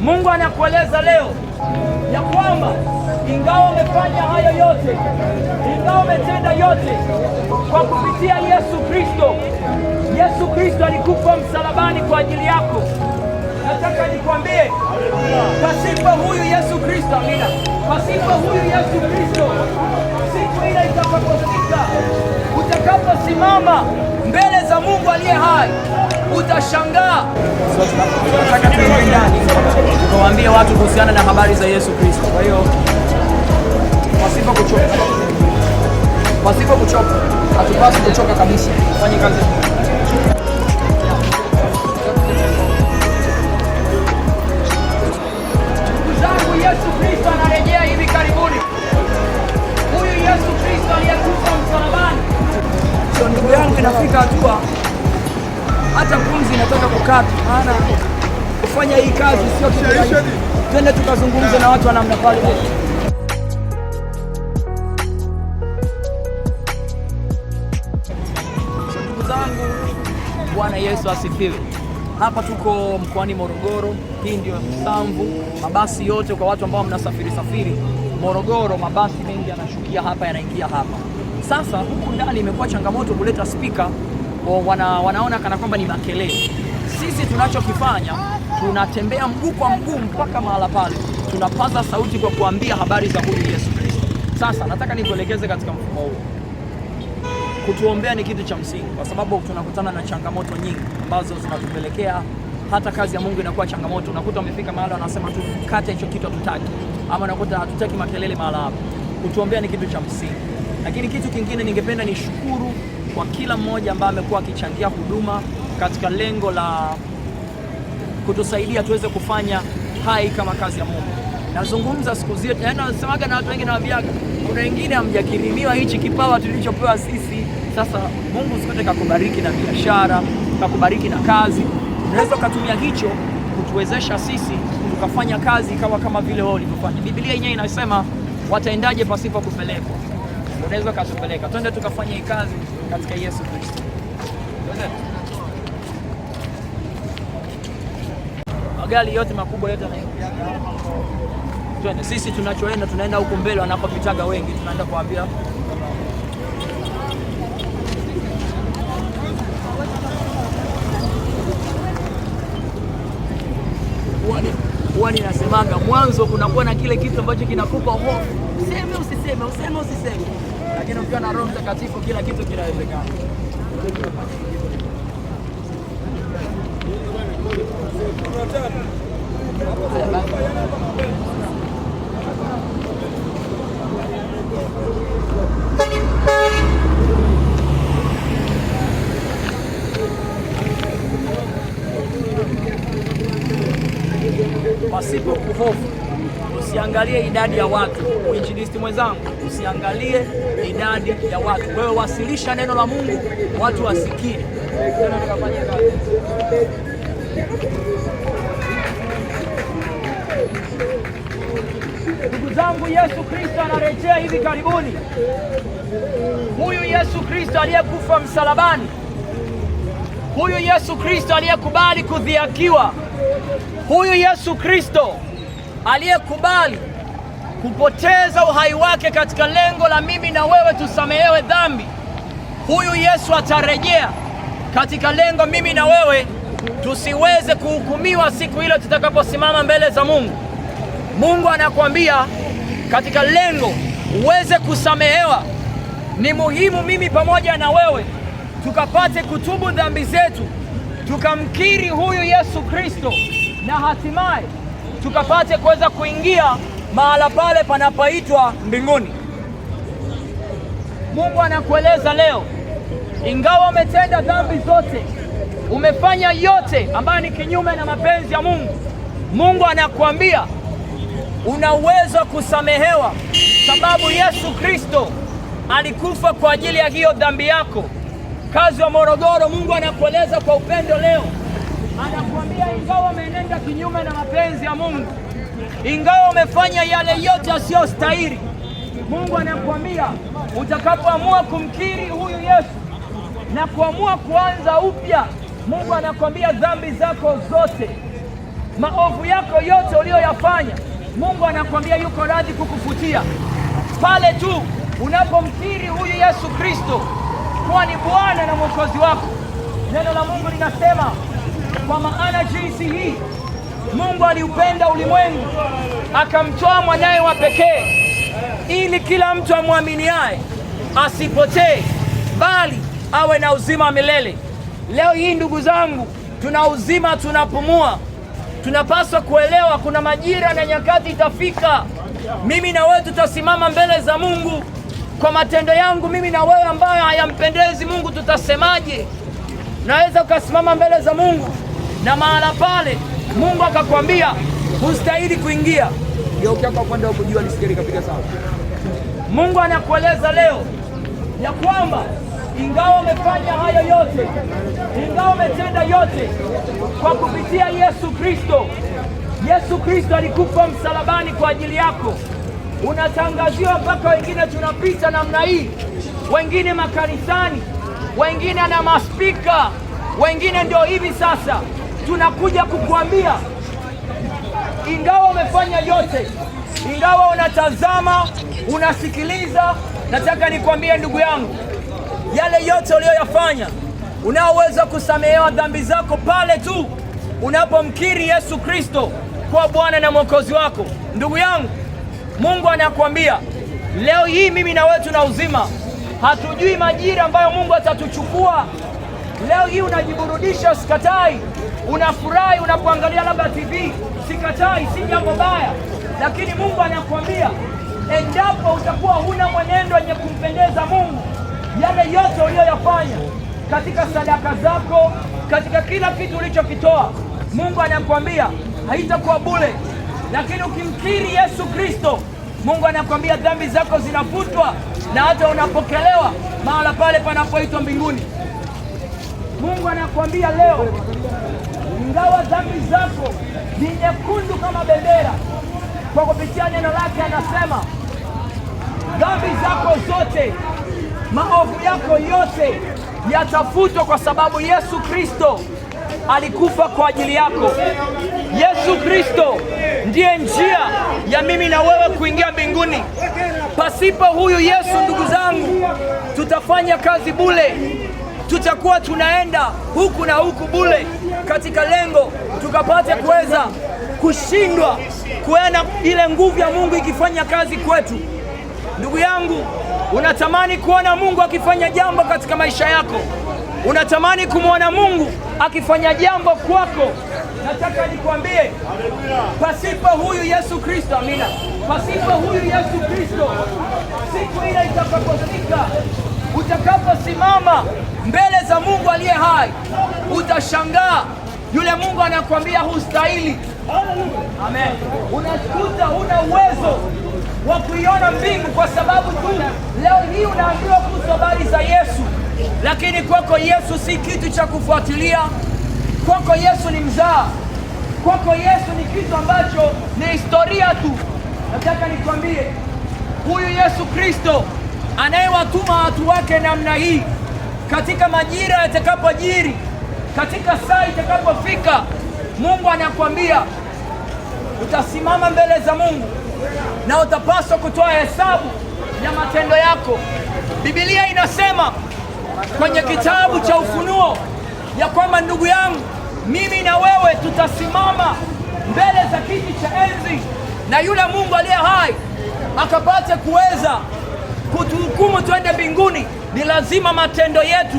Mungu anakueleza leo ya kwamba ingawa umefanya hayo yote, ingawa umetenda yote kwa kupitia Yesu Kristo, Yesu Kristo alikufa msalabani kwa ajili yako. Nataka nikwambie, pasipo huyu Yesu Kristo, amina, pasipo huyu Yesu Kristo, siku ile itakapofika, utakaposimama mbele za Mungu aliye hai utashangaa. Tunataka watu kuhusiana na habari za Yesu Kristo. Kwa hiyo pasipo kuchoka, pasipo kuchoka, hatupasi kuchoka kabisa. Fanye kazi. kufanya hii kazi sio kitu. Twende tukazungumze na watu wa namna pale. Ndugu zangu, Bwana Yesu asifiwe. Hapa tuko mkoani Morogoro. Hii ndio Msamvu. Mabasi yote kwa watu ambao mnasafiri safiri Morogoro, mabasi mengi yanashukia hapa, yanaingia hapa. Sasa huku ndani imekuwa changamoto kuleta spika, wana, wanaona kana kwamba ni makelele. Sisi tunachokifanya tunatembea mguu kwa mguu mpaka mahala pale, tunapaza sauti kwa kuambia habari za huyu Yesu Kristo. Sasa nataka nikuelekeze katika mfumo huo. Kutuombea ni kitu cha msingi, kwa sababu tunakutana na changamoto nyingi ambazo zinatupelekea hata kazi ya Mungu inakuwa changamoto. Unakuta umefika mahali wanasema tu kata hicho kitu hatutaki, ama unakuta hatutaki makelele mahala hapo. Kutuombea ni kitu cha msingi, lakini kitu kingine ningependa nishukuru kwa kila mmoja ambaye amekuwa akichangia huduma katika lengo la kutusaidia tuweze kufanya hai kama kazi ya Mungu. Nazungumza siku zote, yaani nasemaga na watu wengi, nawaambiaga kuna wengine hamjakirimiwa hichi kipawa tulichopewa sisi. Sasa Mungu siku zote kakubariki na biashara, kakubariki na kazi, unaweza ukatumia hicho kutuwezesha sisi tukafanya kazi kama kama vile wao walivyofanya. Biblia yenyewe inasema wataendaje pasipo kupelekwa? Unaweza ukatupeleka, twende tukafanya hii kazi katika Yesu Kristo. magari yote makubwa yote twende. Sisi tunachoenda tunaenda huko mbele wanakopitaga wengi, tunaenda kuambia Wani ninasemanga mwanzo kunakuwa na kile kitu ambacho kinakupa hofu, useme usiseme, useme usiseme, lakini ukiwa na Roho Mtakatifu kila kitu kinawezekana. pasipo kuhofu. Usiangalie idadi ya watu injilisti mwenzangu, usiangalie idadi ya watu. Wewe wasilisha neno la Mungu, watu wasikie. Ndugu zangu, Yesu Kristo anarejea hivi karibuni. Huyu Yesu Kristo aliyekufa msalabani, huyu Yesu Kristo aliyekubali kudhiakiwa huyu Yesu Kristo aliyekubali kupoteza uhai wake katika lengo la mimi na wewe tusamehewe dhambi, huyu Yesu atarejea katika lengo mimi na wewe tusiweze kuhukumiwa siku ile tutakaposimama mbele za Mungu. Mungu anakuambia katika lengo uweze kusamehewa, ni muhimu mimi pamoja na wewe tukapate kutubu dhambi zetu, tukamkiri huyu Yesu Kristo, na hatimaye tukapate kuweza kuingia mahala pale panapoitwa mbinguni. Mungu anakueleza leo, ingawa umetenda dhambi zote umefanya yote ambayo ni kinyume na mapenzi ya Mungu, Mungu anakuambia una uwezo kusamehewa, sababu Yesu Kristo alikufa kwa ajili ya hiyo dhambi yako. Kazi wa Morogoro, Mungu anakueleza kwa upendo leo, anakuambia ingawa umenenda kinyume na mapenzi ya Mungu, ingawa umefanya yale yote asiyostahili, Mungu anakuambia utakapoamua kumkiri huyu Yesu na kuamua kuanza upya Mungu anakwambia dhambi zako zote, maovu yako yote uliyoyafanya, Mungu anakwambia yuko radhi kukufutia pale tu unapomkiri huyu Yesu Kristo kuwa ni Bwana na Mwokozi wako. Neno la Mungu linasema kwa maana jinsi hii Mungu aliupenda ulimwengu akamtoa mwanaye wa pekee, ili kila mtu amwaminiaye asipotee, bali awe na uzima milele. Leo hii ndugu zangu, tuna uzima, tunapumua, tunapaswa kuelewa kuna majira na nyakati itafika, mimi na wewe tutasimama mbele za Mungu kwa matendo yangu mimi na wewe ambayo hayampendezi Mungu, tutasemaje? Naweza ukasimama mbele za Mungu na mahala pale Mungu akakwambia hustahili kuingia, geukia kwa upande wa kujua lisikeli kapiga sana. Mungu anakueleza leo ya kwamba ingawa umefanya hayo yote, ingawa umetenda yote, kwa kupitia Yesu Kristo. Yesu Kristo alikufa msalabani kwa ajili yako. Unatangaziwa mpaka wengine tunapita namna hii, wengine makanisani, wengine na maspika, wengine ndio hivi sasa tunakuja kukuambia, ingawa umefanya yote, ingawa unatazama, unasikiliza, nataka nikwambie ndugu yangu yale yote uliyoyafanya. Unaoweza kusamehewa dhambi zako pale tu unapomkiri Yesu Kristo kuwa Bwana na Mwokozi wako. Ndugu yangu, Mungu anakuambia leo hii, mimi na wewe tuna uzima. Hatujui majira ambayo Mungu atatuchukua. Leo hii unajiburudisha, sikatai. Unafurahi unapoangalia labda TV, sikatai, si jambo baya, lakini Mungu anakuambia endapo utakuwa huna mwenendo wenye kumpendeza Mungu yale yote uliyoyafanya katika sadaka zako, katika kila kitu ulichokitoa, Mungu anakuambia haitakuwa bure. Lakini ukimkiri Yesu Kristo, Mungu anakuambia dhambi zako zinafutwa na hata unapokelewa mahala pale panapoitwa mbinguni. Mungu anakuambia leo, ingawa dhambi zako ni nyekundu kama bendera, kwa kupitia neno lake anasema dhambi zako zote Maovu yako yote yatafutwa, kwa sababu Yesu Kristo alikufa kwa ajili yako. Yesu Kristo ndiye njia ya mimi na wewe kuingia mbinguni. Pasipo huyu Yesu, ndugu zangu, tutafanya kazi bule, tutakuwa tunaenda huku na huku bule, katika lengo tukapate kuweza kushindwa kuena ile nguvu ya Mungu ikifanya kazi kwetu, ndugu yangu. Unatamani kuona Mungu akifanya jambo katika maisha yako? Unatamani kumwona Mungu akifanya jambo kwako? Nataka nikwambie, pasipo huyu Yesu Kristo, amina, pasipo huyu Yesu Kristo, siku ile itakapofika, utakaposimama mbele za Mungu aliye hai, utashangaa. Yule Mungu anakwambia hustahili. Amen. Unakuta una uwezo wa kuiona mbingu, kwa sababu tu leo hii unaambiwa kuhusu habari za Yesu, lakini kwako Yesu si kitu cha kufuatilia. Kwako Yesu ni mzaa, kwako Yesu ni kitu ambacho ni historia tu. Nataka nikwambie huyu Yesu Kristo anayewatuma watu wake namna hii, katika majira yatakapojiri, katika saa itakapofika, Mungu anakwambia utasimama mbele za Mungu na utapaswa kutoa hesabu ya matendo yako. Biblia inasema kwenye kitabu cha Ufunuo ya kwamba ndugu yangu, mimi na wewe tutasimama mbele za kiti cha enzi na yule Mungu aliye hai akapate kuweza kutuhukumu twende mbinguni, ni lazima matendo yetu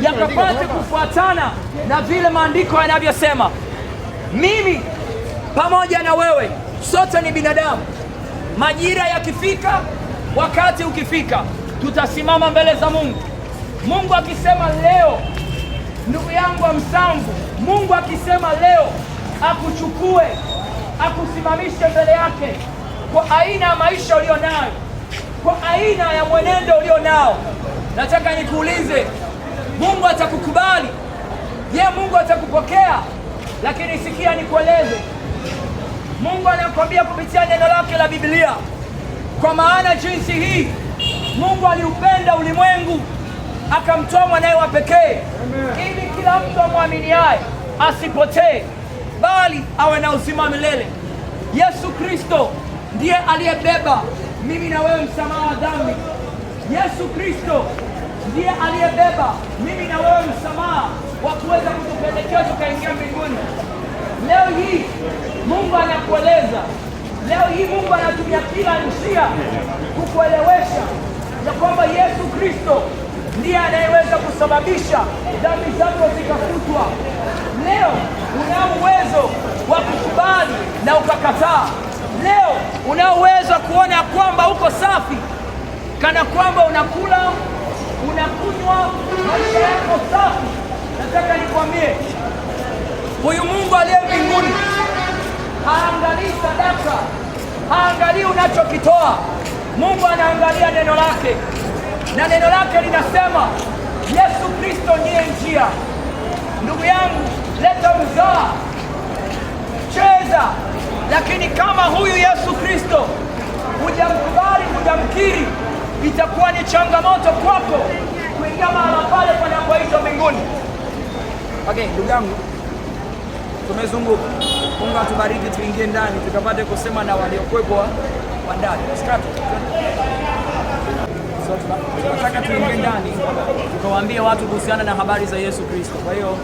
yakapate kufuatana na vile maandiko yanavyosema. Mimi pamoja na wewe Sote ni binadamu. Majira yakifika, wakati ukifika, tutasimama mbele za Mungu. Mungu akisema leo, ndugu yangu wa Msamvu, Mungu akisema leo akuchukue, akusimamishe mbele yake kwa aina ya maisha ulio nayo, kwa aina ya mwenendo ulio nao. Nataka nikuulize, Mungu atakukubali? Je, Mungu atakupokea? Lakini sikia nikueleze Mungu anakwambia kupitia neno lake la Biblia, kwa maana jinsi hii Mungu aliupenda ulimwengu akamtoa mwanaye wa pekee, ili kila mtu amwaminiaye asipotee, bali awe na uzima milele. Yesu Kristo ndiye aliyebeba mimi na wewe msamaha wa dhambi. Yesu Kristo ndiye aliyebeba mimi na wewe msamaha wa kuweza kutupelekea tukaingia mbinguni. Leo hii Mungu anakueleza leo hii. Mungu anatumia kila njia kukuelewesha ya kwamba Yesu Kristo ndiye anayeweza kusababisha dhambi zako zikafutwa. Leo unao uwezo wa kukubali na ukakataa. Leo unao uwezo wa kuona kwamba uko safi, kana kwamba unakula unakunywa, maisha yako safi. Nataka nikwambie huyu Mungu aliye mbinguni haangalii sadaka, haangalii unachokitoa. Mungu anaangalia neno lake, na neno lake linasema Yesu Kristo ndiye njia. Ndugu yangu, leta mzaa, cheza, lakini kama huyu Yesu Kristo hujamkubali, hujamkiri, itakuwa ni changamoto kwako kuingia mahala pale panapoitwa mbinguni. Okay, ndugu yangu tumezunguka. Mungu atubariki, tuingie ndani tukapate kusema na waliokwepwa wa ndani. Tunataka tuingie ndani tukawaambia watu kuhusiana na habari za Yesu Kristo. Kwa hiyo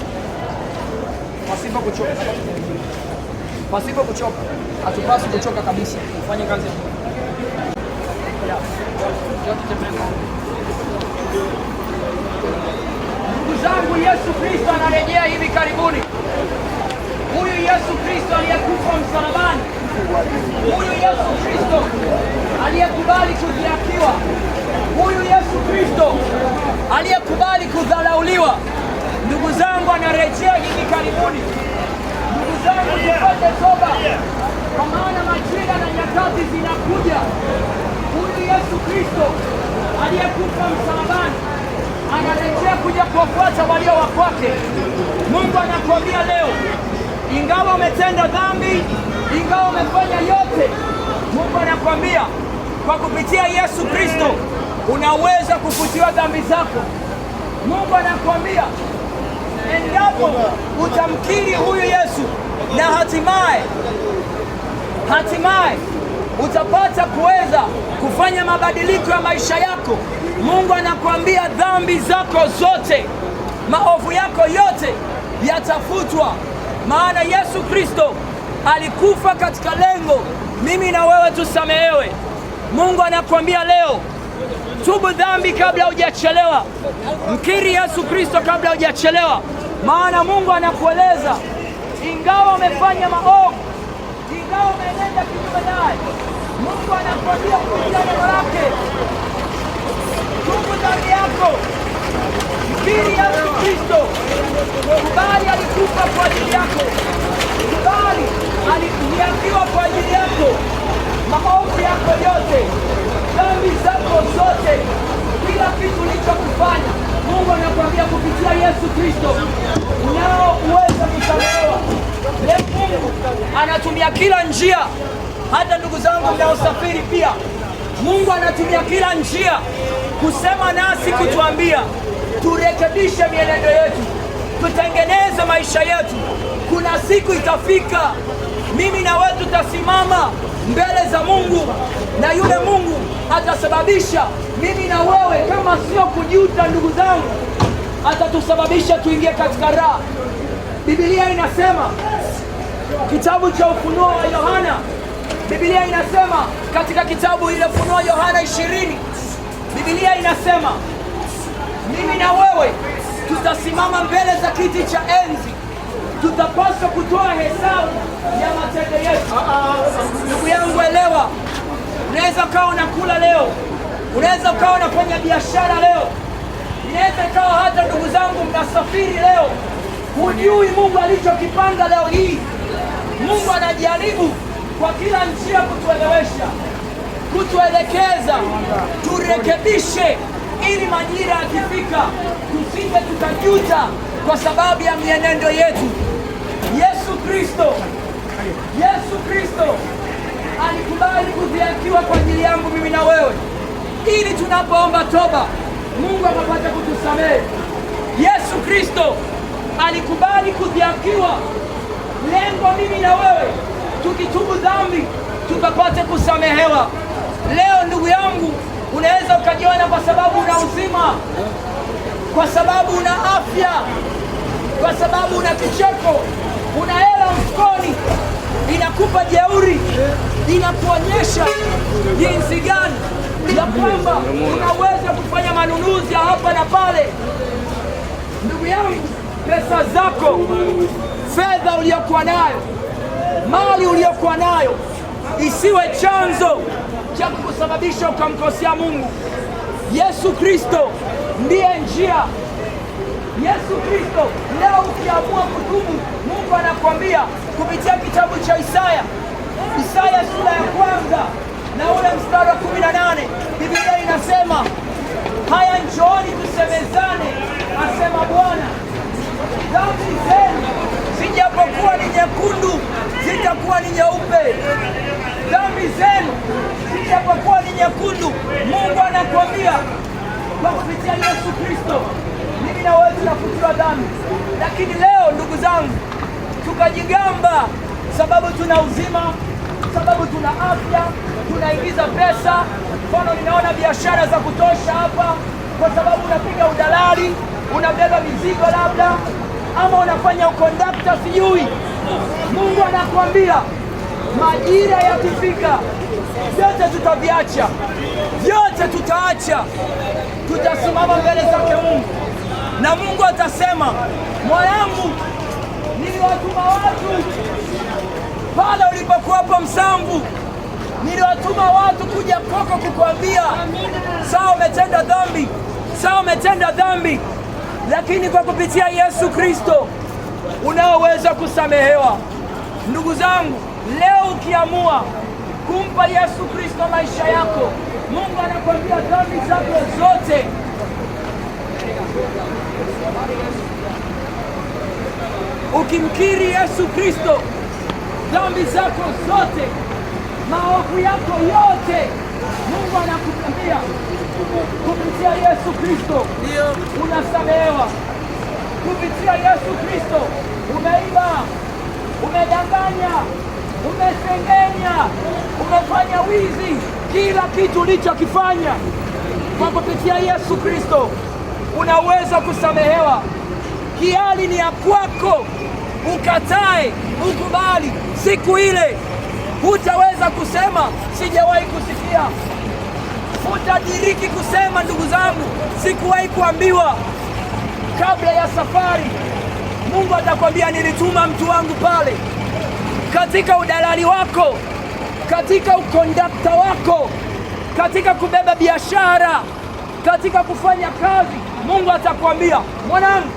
pasipo kuchoka, pasipo kuchoka, hatupaswi kuchoka kabisa kufanya kazi Ndugu zangu, Yesu Kristo anarejea hivi karibuni. Huyu Yesu Kristo aliyekufa msalabani, huyu Yesu Kristo aliyekubali kudhihakiwa, huyu Yesu Kristo aliyekubali kudharauliwa. Ndugu zangu, anarejea hivi karibuni. Ndugu zangu, tupate toba, kwa maana majira na nyakati zinakuja. Huyu Yesu Kristo aliyekufa msalabani anarejea kuja kuwafuata walio wa kwake. Mungu anakwambia leo ingawa umetenda dhambi, ingawa umefanya yote, Mungu anakwambia kwa kupitia Yesu Kristo unaweza kufutiwa dhambi zako. Mungu anakwambia endapo utamkiri huyu Yesu na hatimaye hatimaye utapata kuweza kufanya mabadiliko ya maisha yako. Mungu anakwambia dhambi zako zote, maovu yako yote yatafutwa maana Yesu Kristo alikufa katika lengo mimi na wewe tusamehewe. Mungu anakuambia leo, tubu dhambi kabla hujachelewa, mkiri Yesu Kristo kabla hujachelewa, maana Mungu anakueleza ingawa umefanya maovu, ingawa umeenda kinyume naye, Mungu anakuambia kupitia neno lake, tubu dhambi yako. Injili Yesu Kristo. Kubali alikufa kwa ajili yako, kubali aliambiwa kwa ajili yako, maovu yako yote, dhambi zako zote, kila kitu ulichokufanya. Mungu anakwambia kupitia Yesu Kristo nao uweza kusamehewa. Mungu anatumia kila njia, hata ndugu zangu mnaosafiri pia, Mungu anatumia kila njia kusema nasi, kutuambia turekebishe mienendo yetu, tutengeneze maisha yetu. Kuna siku itafika, mimi na wewe tutasimama mbele za Mungu na yule Mungu atasababisha mimi na wewe, kama sio kujuta, ndugu zangu, atatusababisha tuingie katika raha. Biblia inasema kitabu cha Ufunuo wa Yohana, Biblia inasema katika kitabu ile Ufunuo Yohana ishirini, Biblia inasema mimi na wewe tutasimama mbele za kiti cha enzi, tutapaswa kutoa hesabu ya matendo yetu. Ndugu yangu, elewa, unaweza ukawa unakula leo, unaweza ukawa unafanya biashara leo, inaweza ikawa hata ndugu zangu mnasafiri leo, hujui Mungu alichokipanga leo hii. Mungu anajaribu kwa kila njia kutuelewesha, kutuelekeza, turekebishe ili majira yakifika tusije tukajuta kwa sababu ya mienendo yetu. Yesu Kristo, Yesu Kristo alikubali kudhiakiwa kwa ajili yangu mimi na wewe, ili tunapoomba toba Mungu akapata kutusamehe. Yesu Kristo alikubali kudhiakiwa, lengo mimi na wewe tukitubu dhambi tukapate kusamehewa. Leo ndugu yangu Unaweza ukajiona kwa sababu una uzima, kwa sababu una afya, kwa sababu una kicheko, una hela mfukoni, inakupa jeuri, inakuonyesha jinsi gani ya kwamba unaweza kufanya manunuzi ya hapa na pale. Ndugu yangu, pesa zako, fedha uliyokuwa nayo, mali uliyokuwa nayo isiwe chanzo cha kukusababisha ukamkosea Mungu. Yesu Kristo ndiye njia. Yesu Kristo leo ukiamua kutubu, Mungu anakwambia kupitia kitabu cha Isaya, Isaya sura ya kwanza na ule mstari wa kumi na nane Biblia inasema haya, njooni tusemezane, asema Bwana, dhambi zenu zijapokuwa ni nyekundu zitakuwa ni nyeupe dhambi zenu ijapokuwa ni nyekundu. Mungu anakuambia kwa kupitia Yesu Kristo, mimi na wewe tunafutiwa dhambi. Lakini leo ndugu zangu, tukajigamba sababu tuna uzima, sababu tuna afya, tunaingiza pesa. Mfano, ninaona biashara za kutosha hapa, kwa sababu unapiga udalali, unabeba mizigo labda, ama unafanya ukondakta, sijui. Mungu anakuambia Majira yakifika vyote tutaviacha, vyote tutaacha, tutasimama mbele zake Mungu na Mungu atasema, mwanangu, niliwatuma watu pale ulipokuwapo Msambu, niliwatuma watu kuja kwako kukwambia, sawa umetenda dhambi, sawa umetenda dhambi, lakini kwa kupitia Yesu Kristo unaoweza kusamehewa. Ndugu zangu Leo ukiamua kumpa Yesu Kristo maisha yako, Mungu anakwambia dhambi zako zote Ukimkiri Yesu Kristo, dhambi zako zote, maovu yako yote, Mungu anakutambia kupitia Yesu Kristo unasamehewa. Kupitia Yesu Kristo, umeiba, umedanganya umesengenya, umefanya wizi, kila kitu ulichokifanya. Kwa kupitia Yesu Kristo unaweza kusamehewa. Hiari ni ya kwako, ukatae, ukubali. Siku ile hutaweza kusema sijawahi kusikia, hutadiriki kusema ndugu zangu, sikuwahi kuambiwa. Kabla ya safari, Mungu atakwambia nilituma mtu wangu pale katika udalali wako, katika ukondakta wako, katika kubeba biashara, katika kufanya kazi, Mungu atakwambia mwanangu,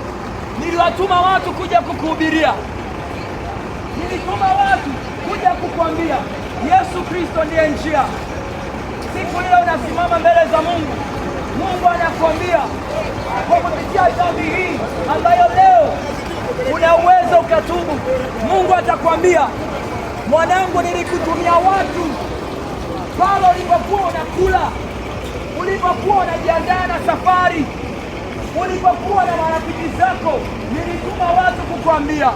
niliwatuma watu kuja kukuhubiria, nilituma watu kuja kukwambia Yesu Kristo ndiye njia. Siku ile unasimama mbele za Mungu, Mungu anakwambia kwa kupitia dhambi hii ambayo leo kuna uwezo ukatubu. Mungu atakwambia mwanangu, nilikutumia watu pale ulipokuwa unakula, ulipokuwa unajiandaa na safari, ulipokuwa na marafiki zako, nilituma watu kukwambia.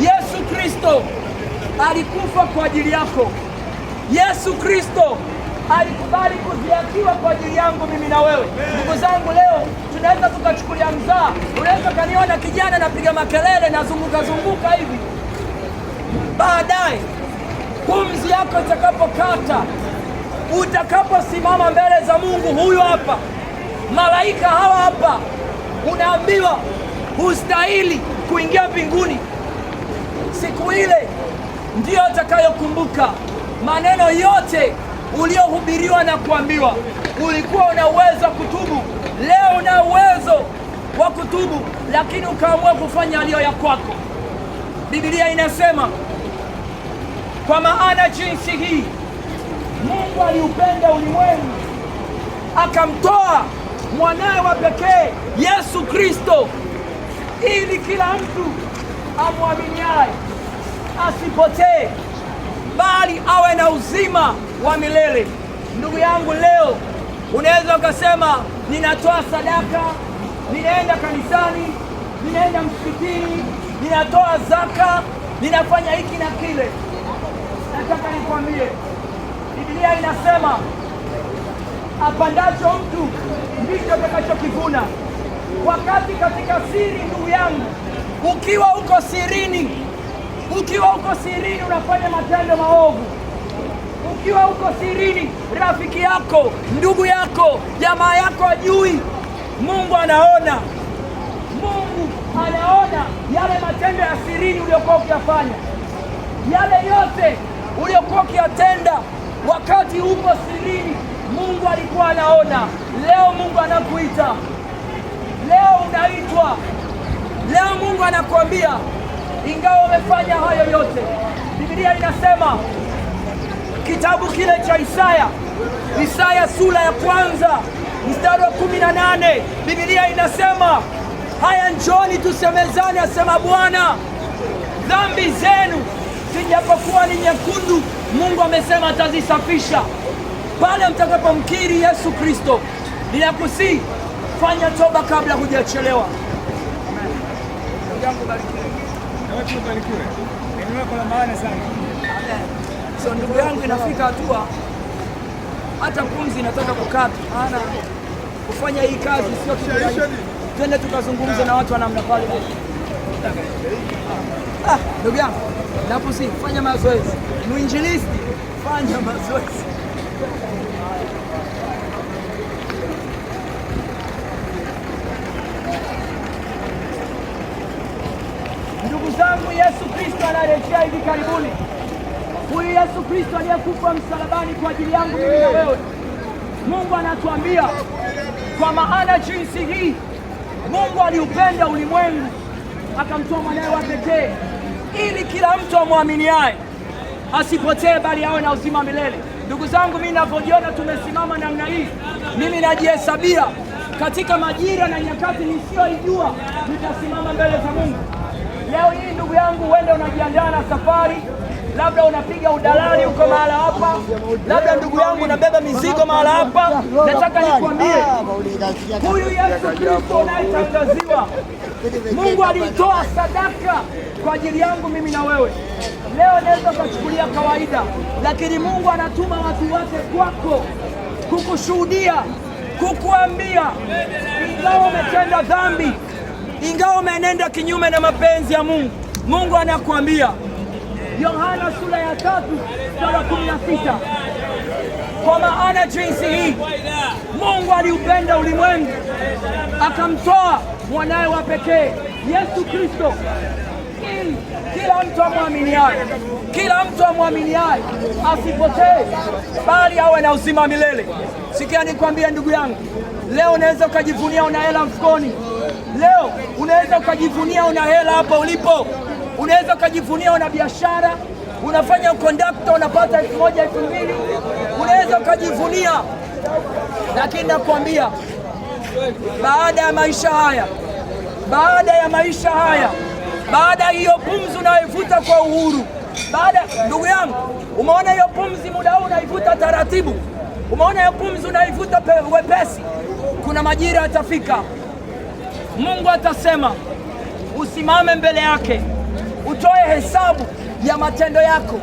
Yesu Kristo alikufa kwa ajili yako. Yesu Kristo alikubali kuziakiwa kwa ajili yangu mimi na wewe. Ndugu zangu, leo tunaweza tukachukulia mzaa. Unaweza kaniona kijana napiga makelele nazunguka zunguka hivi, baadaye pumzi yako itakapokata, utakaposimama mbele za Mungu, huyu hapa malaika hawa hapa, unaambiwa hustahili kuingia mbinguni. Siku ile ndiyo utakayokumbuka maneno yote uliohubiriwa na kuambiwa. Ulikuwa una uwezo wa kutubu, leo una uwezo wa kutubu, lakini ukaamua kufanya aliyo ya kwako. Biblia inasema kwa maana jinsi hii Mungu aliupenda ulimwengu akamtoa mwanawe wa pekee Yesu Kristo, ili kila mtu amwaminiaye asipotee bali awe na uzima wa milele. Ndugu yangu, leo unaweza ukasema ninatoa sadaka, ninaenda kanisani, ninaenda msikitini, ninatoa zaka, ninafanya hiki na kile. Nataka nikwambie, Biblia inasema apandacho mtu ndicho atakachokivuna. Wakati katika siri, ndugu yangu, ukiwa uko sirini ukiwa uko sirini unafanya matendo maovu, ukiwa uko sirini, rafiki yako, ndugu yako, jamaa yako ajui. Mungu anaona, Mungu anaona yale matendo ya sirini uliyokuwa ukiyafanya, yale yote uliyokuwa ukiyatenda wakati uko sirini. Mungu alikuwa anaona. Leo Mungu anakuita, leo unaitwa, leo Mungu anakuambia ingawa wamefanya hayo yote, Biblia inasema kitabu kile cha Isaya, Isaya sura ya kwanza mstari wa kumi na nane Biblia inasema haya, njoni tusemezane, asema Bwana, dhambi zenu zijapokuwa ni nyekundu, Mungu amesema atazisafisha pale mtakapomkiri Yesu Kristo. Ninakusii fanya toba kabla hujachelewa. So ndugu yangu, inafika hatua hata pumzi inataka kukata, maana kufanya hii kazi sio kitu. Twende tukazungumze na watu wa namna pale. Ah, ndugu yangu, napusi fanya mazoezi, mwinjilisti fanya mazoezi. Ndugu zangu, Yesu Kristo anarejea hivi karibuni. Huyu Yesu Kristo aliyekufa msalabani kwa ajili yangu mimi na wewe, Mungu anatuambia kwa maana jinsi hii Mungu aliupenda ulimwengu akamtoa mwanawe wa pekee, ili kila mtu amwaminiaye asipotee, bali awe na uzima milele. Ndugu zangu, mimi ninavyojiona tumesimama namna hii, mimi najihesabia katika majira na nyakati nisiyoijua nitasimama mbele za Mungu. Leo hii ndugu yangu, uende unajiandaa na safari, labda unapiga udalali huko mahala hapa, labda ndugu yangu unabeba mizigo mahala hapa. Nataka nikwambie huyu Yesu Kristo unayetangaziwa, Mungu alitoa sadaka kwa ajili yangu mimi na wewe. Leo naweza ukachukulia kawaida, lakini Mungu anatuma watu wake kwako kukushuhudia, kukuambia ingawa umetenda dhambi ingawa umenenda kinyume na mapenzi ya Mungu. Mungu anakuambia Yohana sura ya tatu sura kumi na sita kwa maana jinsi hii Mungu aliupenda ulimwengu akamtoa mwanawe wa pekee Yesu Kristo, ili kila mtu amwaminiaye, kila mtu amwaminiaye asipotee, bali awe na uzima milele. Sikia nikwambie, ndugu yangu, leo unaweza ukajivunia una hela mfukoni Leo unaweza ukajivunia una hela hapa ulipo, unaweza ukajivunia una biashara, unafanya ukondakta unapata elfu moja elfu mbili unaweza ukajivunia, lakini nakwambia baada ya maisha haya, baada ya maisha haya, baada ya hiyo pumzi unayoivuta kwa uhuru, baada ndugu yangu, umeona hiyo pumzi muda huu unaivuta taratibu, umeona hiyo pumzi unaivuta wepesi, kuna majira yatafika. Mungu atasema usimame mbele yake, utoe hesabu ya matendo yako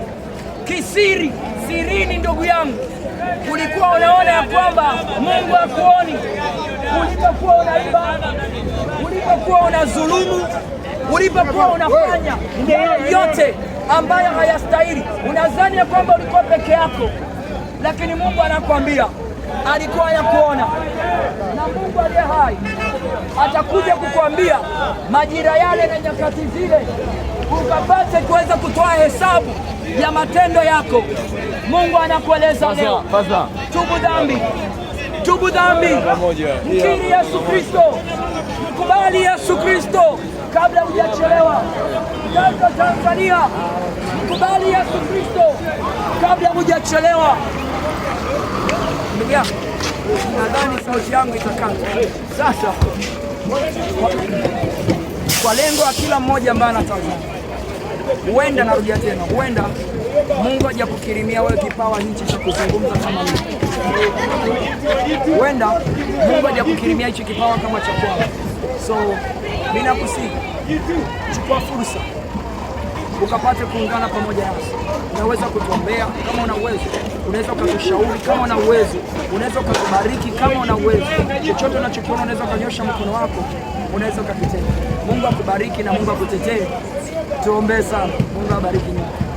kisiri sirini. Ndugu yangu, ulikuwa unaona ya kwamba Mungu hakuoni ulipokuwa unaiba, ulipokuwa unazulumu, ulipokuwa unafanya mambo yote ambayo hayastahili. Unadhani ya kwamba ulikuwa peke yako, lakini Mungu anakuambia alikuwa ya kuona, na Mungu aliye hai atakuja kukwambia majira yale na nyakati zile, ukapate kuweza kutoa hesabu ya matendo yako. Mungu anakueleza leo, tubu dhambi, tubu dhambi, mkiri Yesu Kristo, mkubali Yesu Kristo kabla hujachelewa. Tanzania, mkubali Yesu Kristo kabla hujachelewa ndugu yangu, nadhani sauti yangu itakata sasa, kwa lengo la kila mmoja ambaye anatazama. Huenda narudia tena, huenda Mungu hajakukirimia wewe kipawa hichi cha kuzungumza kama mimi, huenda Mungu hajakukirimia hichi kipawa kama cha kwako. So mimi nakusihi, chukua fursa ukapate kuungana pamoja nasi. Unaweza kutuombea kama una uwezo, unaweza ukatushauri kama una uwezo, unaweza ukatubariki kama una uwezo. Chochote unachokiona unaweza ukanyosha mkono wako, unaweza ukakitenda. Mungu akubariki na Mungu akutetee. Tuombee sana. Mungu abariki nyote.